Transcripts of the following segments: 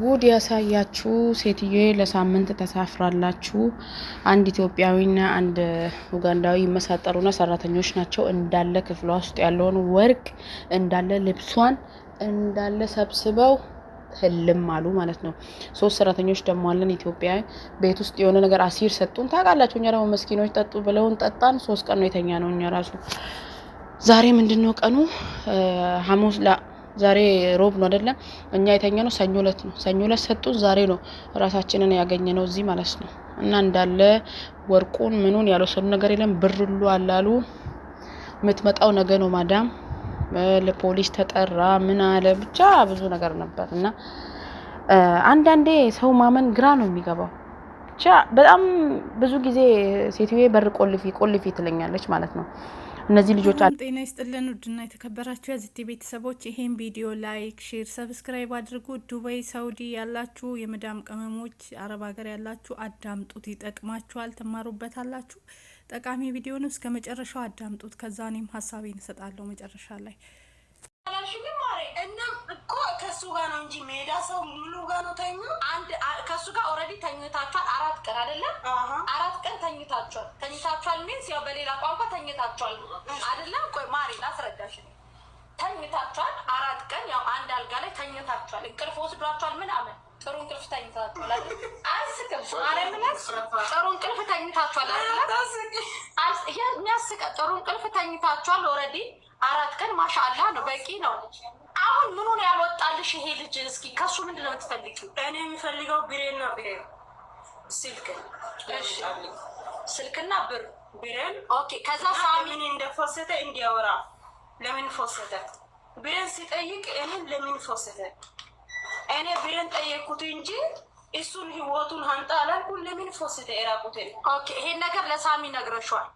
ጉድ ያሳያችሁ ሴትዬ ለሳምንት ተሳፍራላችሁ። አንድ ኢትዮጵያዊና አንድ ኡጋንዳዊ ይመሳጠሩና ሰራተኞች ናቸው። እንዳለ ክፍሏ ውስጥ ያለውን ወርቅ እንዳለ ልብሷን እንዳለ ሰብስበው ህልም አሉ ማለት ነው። ሶስት ሰራተኞች ደግሞ አለን ኢትዮጵያ ቤት ውስጥ የሆነ ነገር አሲር ሰጡን ታውቃላችሁ። እኛ ደግሞ መስኪኖች ጠጡ ብለውን ጠጣን። ሶስት ቀን ነው የተኛ ነው እኛ ራሱ ዛሬ ምንድን ነው ቀኑ ሐሙስ ዛሬ ሮብ ነው አይደለም? እኛ ነው ሰኞ ለት ነው። ሰኞ ለት ሰጡን፣ ዛሬ ነው ራሳችንን ነው እዚህ ማለት ነው። እና እንዳለ ወርቁን ምኑን ያልወሰዱ ነገር የለም። ብር ሁሉ አላሉ። የምትመጣው ነገ ነው ማዳም። ለፖሊስ ተጠራ ምን አለ ብቻ ብዙ ነገር ነበር። እና አንዳንዴ ሰው ማመን ግራ ነው የሚገባው። ብቻ በጣም ብዙ ጊዜ ሴትዬ በር ቆልፊ ቆልፊ ትለኛለች ማለት ነው። እነዚህ ልጆች አሉ። ጤና ይስጥልን ውድና የተከበራችሁ የዚህ ቤተሰቦች ይሄን ቪዲዮ ላይክ፣ ሼር፣ ሰብስክራይብ አድርጉ። ዱባይ፣ ሳውዲ ያላችሁ የመዳም ቅመሞች፣ አረብ ሀገር ያላችሁ አዳምጡት፣ ይጠቅማችኋል፣ ትማሩበታላችሁ። ጠቃሚ ቪዲዮ ነው። እስከ መጨረሻው አዳምጡት። ከዛ እኔም ሀሳቤን እሰጣለሁ መጨረሻ ላይ ከሱ ጋር ነው እንጂ ሜዳ ሰው ሙሉ ጋር ነው ተኙ። አንድ ከሱ ጋር ኦልሬዲ ተኝታችኋል። አራት ቀን አይደለም አራት ቀን ተኝታችኋል። ተኝታችኋል ሚንስ ያው በሌላ ቋንቋ ተኝታችኋል አይደለም። ቆይ ማሪ ላስረዳሽ። ተኝታችኋል አራት ቀን ያው አንድ አልጋ ላይ ተኝታችኋል። እንቅልፍ ወስዷችኋል ምናምን ጥሩ እንቅልፍ ተኝታችኋል አያስቅም። ጥሩ እንቅልፍ ተኝታችኋል የሚያስቀ ጥሩ እንቅልፍ ተኝታችኋል። ኦልሬዲ አራት ቀን ማሻላ ነው፣ በቂ ነው። አሁን ምኑን ያልወጣልሽ ይሄ ልጅ? እስኪ ከሱ ምንድን ነው የምትፈልጊው? እኔ የሚፈልገው ቢሬን ነው ቢሬ ስልክ ስልክና ብር ብርን ኦኬ። ከዛ ሳሚን እንደፎሰተ እንዲያወራ ለምን ፎሰተ ብርን ሲጠይቅ እኔን ለምን ፎሰተ? እኔ ብርን ጠየቅኩት እንጂ እሱን ህይወቱን አንጣ አላልኩም። ለምን ፎሰተ የራቁትን? ኦኬ፣ ይሄን ነገር ለሳሚ ነግረሸዋል።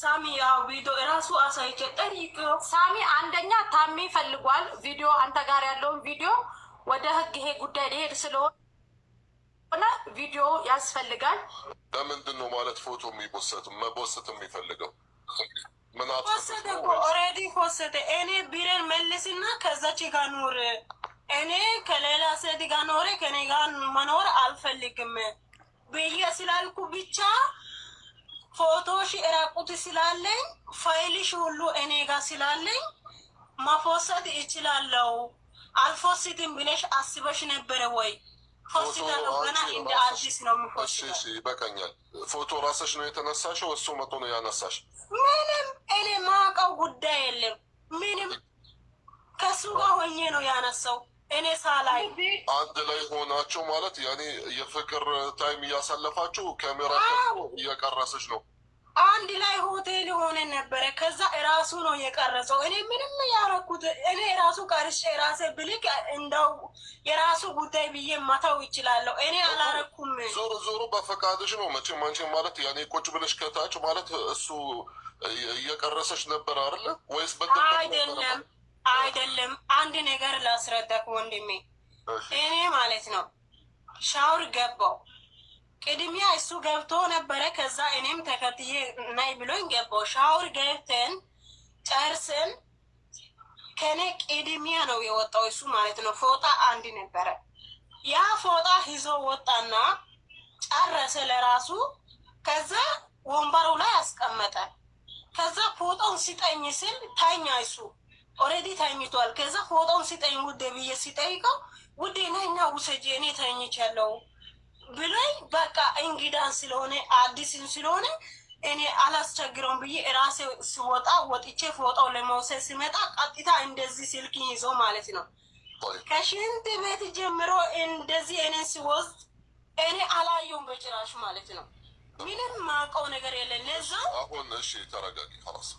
ሳሚ ያው ቪዲዮ እራሱ አሳይቼ ጠይቅ። ሳሚ አንደኛ ታሚ ፈልጓል። ቪዲዮ አንተ ጋር ያለውን ቪዲዮ ወደ ህግ ይሄ ጉዳይ ሊሄድ ስለሆነ ሆነ ቪዲዮ ያስፈልጋል። ለምንድን ነው ማለት ፎቶ የሚወሰድ መወሰድ የሚፈልገው? ምናወሰደ ኦልሬዲ ወሰደ። እኔ ቢረን መልስና ከዛች ጋር እኔ ከሌላ ሴት ጋር ኖሬ ከኔ ጋር መኖር አልፈልግም ብዬ ስላልኩ ብቻ ፎቶሽ እራቁት ስላለኝ ፋይልሽ ሁሉ እኔ ጋ ስላለኝ መፎሰት ይችላለው። አልፎስትም ብለሽ አስበሽ ነበረ ወይ? ይበቃኛል። ፎቶ ራስሽ ነው የተነሳሽው? እሱ መቶ ነው ያነሳሽ? ምንም እኔ ማውቀው ጉዳይ የለም። ምንም ከሱ ጋር ሆኜ ነው ያነሳው። እኔ ሳላይ አንድ ላይ ሆናችሁ ማለት ያኔ የፍቅር ታይም እያሳለፋችሁ ካሜራ እየቀረሰች ነው አንድ ላይ ሆቴል የሆነ ነበረ። ከዛ እራሱ ነው የቀረጸው። እኔ ምንም ያረኩት እኔ ራሱ ቀርሼ ራሴ ብልክ እንደው የራሱ ጉዳይ ብዬ ማታው ይችላለሁ። እኔ አላረኩም። ዞሮ ዞሮ በፈቃድሽ ነው መቼ ማንቼ ማለት ያኔ ቁጭ ብለሽ ከታች ማለት እሱ እየቀረሰች ነበር አይደለ? ወይስ አይደለም አይደለም። አንድ ነገር ላስረዳክ ወንድሜ፣ እኔ ማለት ነው ሻውር ገባው ቅድሚያ እሱ ገብቶ ነበረ። ከዛ እኔም ተከትዬ ናይ ብሎኝ ገባው። ሻወር ገብተን ጨርስን ከኔ ቅድሚያ ነው የወጣው እሱ ማለት ነው። ፎጣ አንድ ነበረ። ያ ፎጣ ይዞ ወጣና ጨረሰ ለራሱ። ከዛ ወንበሩ ላይ አስቀመጠ። ከዛ ፎጣውን ሲጠኝ ስል ታኛ እሱ ኦልሬዲ ተኝቷል። ከዛ ፎጣውን ሲጠኝ ውዴ ብዬ ሲጠይቀው ውዴ ነኛ ውሰጅ እኔ ተኝቻለሁ ብለኝ በቃ እንግዳን ስለሆነ አዲስን ስለሆነ እኔ አላስቸግረውም ብዬ እራሴ ስወጣ ወጥቼ ፎጣው ለመውሰድ ሲመጣ ቀጥታ እንደዚህ ስልክ ይዞ ማለት ነው ከሽንት ቤት ጀምሮ እንደዚህ እኔ ሲወስድ እኔ አላየውም በጭራሽ ማለት ነው። ምንም ማውቀው ነገር የለን። ለዛ አሁን እሺ ተረጋጊ። ራስ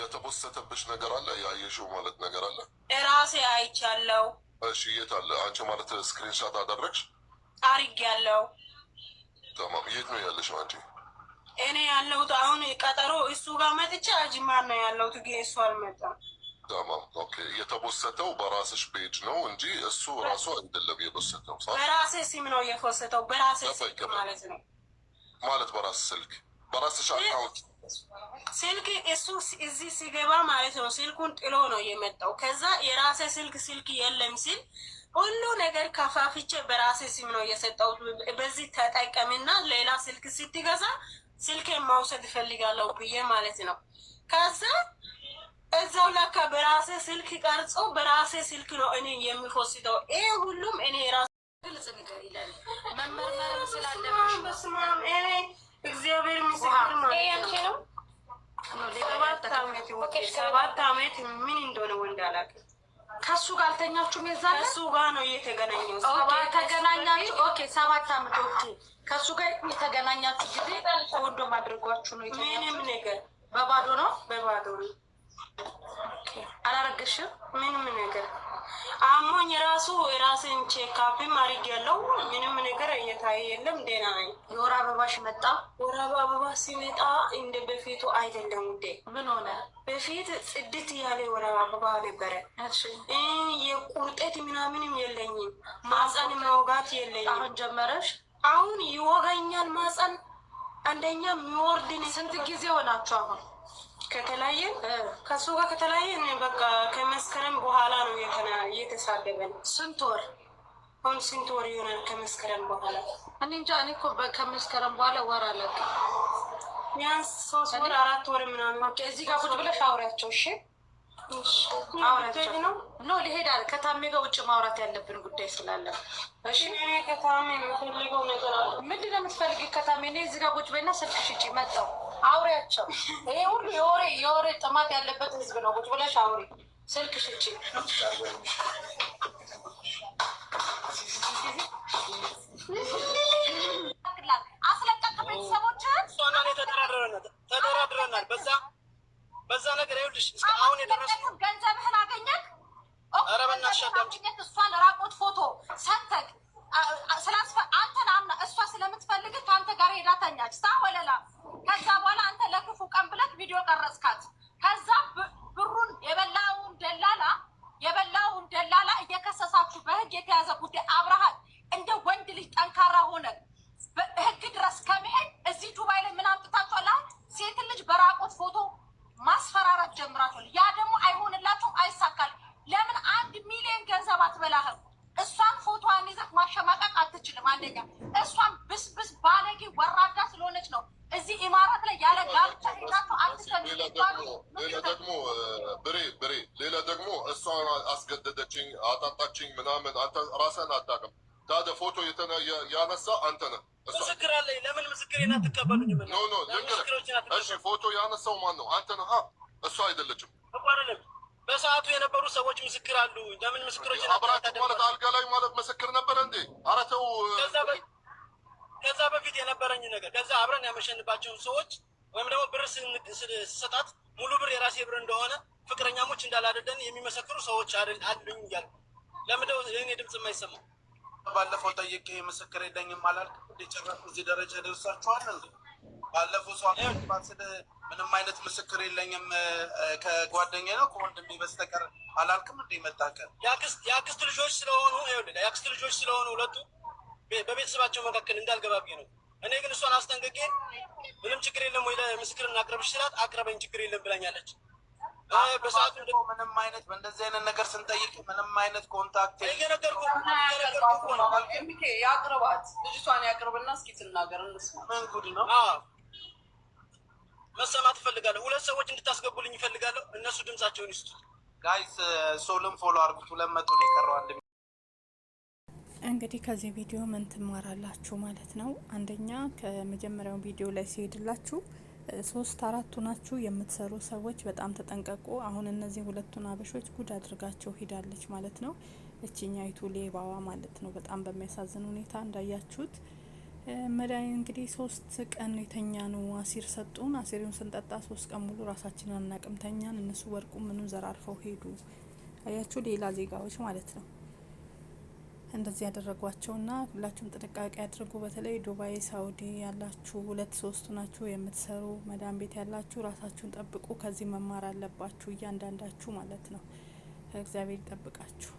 የተወሰተብሽ ነገር አለ ያየሽው ማለት ነገር አለ ራሴ አይቻለው። እሺ የት አለ? አንቺ ማለት ስክሪንሻት አደረግሽ አሪግ ያለው የት ነው ያለሽ? አንቺ እኔ ያለሁት አሁን ቀጠሮ እሱ ጋር መጥቼ አጅማ ነው ያለሁት። ግ እሱ አልመጣም። የተቦሰተው በራስሽ ቤድ ነው እንጂ እሱ ራሱ አይደለም የበሰተው። በራሴ ሲም ነው የፈሰተው፣ በራሴ ሲም ማለት ነው ማለት በራስ ስልክ በራስሽ አካውንት ስልክ እሱ እዚህ ሲገባ ማለት ነው ስልኩን ጥሎ ነው የመጣው። ከዛ የራሴ ስልክ ስልክ የለም ሲል ሁሉ ነገር ከፋፍቼ በራሴ ሲም ነው እየሰጠሁት። በዚህ ተጠቀምና ሌላ ስልክ ስትገዛ ስልኬ መውሰድ እፈልጋለሁ ብዬ ማለት ነው። ከዛ እዛው ላካ በራሴ ስልክ ቀርጾ በራሴ ስልክ ነው እኔ የሚፎስተው። ይህ ሁሉም እኔ ራሴ ግልጽ ነገር ይላል። መመርመርም እግዚአብሔር ምስክር ነው። ሰባት አመት ምን እንደሆነ ወንድ አላውቅም ከሱ ጋር አልተኛችሁም? የዛን ከሱ ጋር ነው የተገናኘው። ተገናኛችሁ? ኦኬ ሰባት አመት። ኦኬ ከሱ ጋር የተገናኛችሁ ጊዜ ወንዶ ማድረጓችሁ ነው? ምንም ነገር በባዶ ነው። በባዶ ነው። አላረገሽም ምንም ነገር አሞኝ ራሱ ራስን ቼካፕ ማድረግ ያለው ምንም ነገር እየታየ የለም። ደህና ነኝ። የወር አበባሽ መጣ? ወር አበባ ሲመጣ እንደ በፊቱ አይደለም ውዴ። ምን ሆነ? በፊት ጽድት ያለ የወራ አበባ ነበረ። የቁርጠት ምናምንም የለኝም። ማፀን መውጋት የለኝም። አሁን ጀመረሽ? አሁን ይወጋኛል ማፀን። አንደኛ የሚወርድን ስንት ጊዜ ሆናችሁ አሁን ከተለያየ ከሱ ጋር ከተለያየ በቃ ከመስከረም በኋላ ነው እየተሳደበን። ስንት ወር አሁን ስንት ወር ይሆናል? ከመስከረም በኋላ እኔ እንጃ። እኔ እኮ ከመስከረም በኋላ ወር አለቀ ቢያንስ ሶስት ወር አራት ወር ምናምን። እዚህ ጋር ቁጭ ብለሽ አውሪያቸው። እሺ አውሪያቸው ነው ኖ ሊሄድ አለ። ከታሜ ጋር ውጭ ማውራት ያለብን ጉዳይ ስላለ እሺ። እኔ ከታሜ የምፈልገው ነገር አለ። ምንድን ነው የምትፈልጊው ከታሜ? እኔ እዚህ ጋር ቁጭ በይና ስልክሽ ውጪ መጣው አውሪያቸው። ይሄ ሁሉ የወሬ የወሬ ጥማት ያለበት ህዝብ ነው። ቁጭ ብለሽ አውሪ ስልክ ሽቺ አስለቀቅ። ቤተሰቦችህን ተደራድረናል ተደራድረናል በዛ በዛ ነገር ይኸውልሽ፣ እስከ አሁን ገንዘብህን አገኘህ። ኧረ በእናትሽ አዳምጪኝ። እሷን ፎቶ ስላስፈ አንተን አምና እሷ ስለምትፈልግህ ከአንተ ጋር ሄዳ ተኛች። ሳ ወለላ ከዛ በኋላ አንተ ለክፉ ቀን ብለት ቪዲዮ ቀረጽካት። ከዛ ብሩን የበላውን ደላላ የበላውን ደላላ እየከሰሳችሁ በህግ የተያዘ ጉዳይ አብረሃል። እንደ ወንድ ልጅ ጠንካራ ሆነ ህግ ድረስ ከመሄድ ሌላ ደግሞ ሌላ ደግሞ ብሬ ብሬ ሌላ ደግሞ እሷ አስገደደችኝ፣ አጣጣችኝ ምናምን አንተ ራስህን አታውቅም። ታዲያ ፎቶ ያነሳ አንተ ነህ። ምስክር አለኝ። ለምን ምስክሬን አትቀበሉኝም? ኖ ኖ እሺ፣ ፎቶ ያነሳው ማን ነው? አንተ ነህ፣ እሷ አይደለችም። በሰዓቱ የነበሩ ሰዎች ምስክር አሉ። ለምን ምስክሮች አብራችሁ ማለት አልጋ ላይ ማለት ምስክር ነበረ እንዴ? ኧረ ተው። ከዛ በፊት የነበረኝ ነገር ከዛ አብረን ያመሸንባቸውን ሰዎች ወይም ደግሞ ብር ስሰጣት ሙሉ ብር የራሴ ብር እንደሆነ ፍቅረኛሞች እንዳላደደን የሚመሰክሩ ሰዎች አሉኝ እያልኩ ለምደው ይህን የድምፅ የማይሰማ? ባለፈው ጠይቄ ምስክር የለኝም አላልክ? ጨረቅ እዚህ ደረጃ ደርሳችኋል እንዴ? ባለፈው ሰው ስል ምንም አይነት ምስክር የለኝም ከጓደኛ ነው ከወንድሜ በስተቀር አላልክም እንደ መታከል የአክስት ልጆች ስለሆኑ የአክስት ልጆች ስለሆኑ ሁለቱ በቤተሰባቸው መካከል እንዳልገባቢ ነው እኔ ግን እሷን አስጠንቅቄ ምንም ችግር የለም ወይ ለምስክር እናቅርብ ይችላል አቅርበኝ ችግር የለም ብላኛለች። በሰዓቱ ምንም አይነት በእንደዚህ አይነት ነገር ስንጠይቅ ምንም አይነት ኮንታክት ያቅርባት ልጅቷን ያቅርብና እስኪ ትናገር እንስማ። ምን ጉድ ነው መሰማት እፈልጋለሁ። ሁለት ሰዎች እንድታስገቡልኝ ይፈልጋለሁ። እነሱ ድምጻቸውን ይስጡ። ጋይስ ሶልም ፎሎ አርጉት። ሁለት መቶ ነው የቀረው አንድ እንግዲህ ከዚህ ቪዲዮ ምን ትማራላችሁ ማለት ነው? አንደኛ ከመጀመሪያው ቪዲዮ ላይ ሲሄድላችሁ ሶስት አራቱ ናችሁ የምትሰሩ ሰዎች በጣም ተጠንቀቁ። አሁን እነዚህ ሁለቱን አበሾች ጉድ አድርጋቸው ሂዳለች ማለት ነው፣ እችኛይቱ ሌባዋ ማለት ነው። በጣም በሚያሳዝን ሁኔታ እንዳያችሁት መዳይ እንግዲህ ሶስት ቀን የተኛ ነው አሲር ሰጡን። አሲሪውን ስንጠጣ ሶስት ቀን ሙሉ ራሳችንን አናቅምተኛን እነሱ ወርቁ ምኑ ዘራርፈው ሄዱ። አያችሁ ሌላ ዜጋዎች ማለት ነው። እንደዚህ ያደረጓቸውና ሁላችሁም ጥንቃቄ አድርጉ። በተለይ ዱባይ፣ ሳውዲ ያላችሁ ሁለት ሶስቱ ናችሁ የምትሰሩ መዳን ቤት ያላችሁ ራሳችሁን ጠብቁ። ከዚህ መማር አለባችሁ እያንዳንዳችሁ ማለት ነው። እግዚአብሔር ይጠብቃችሁ።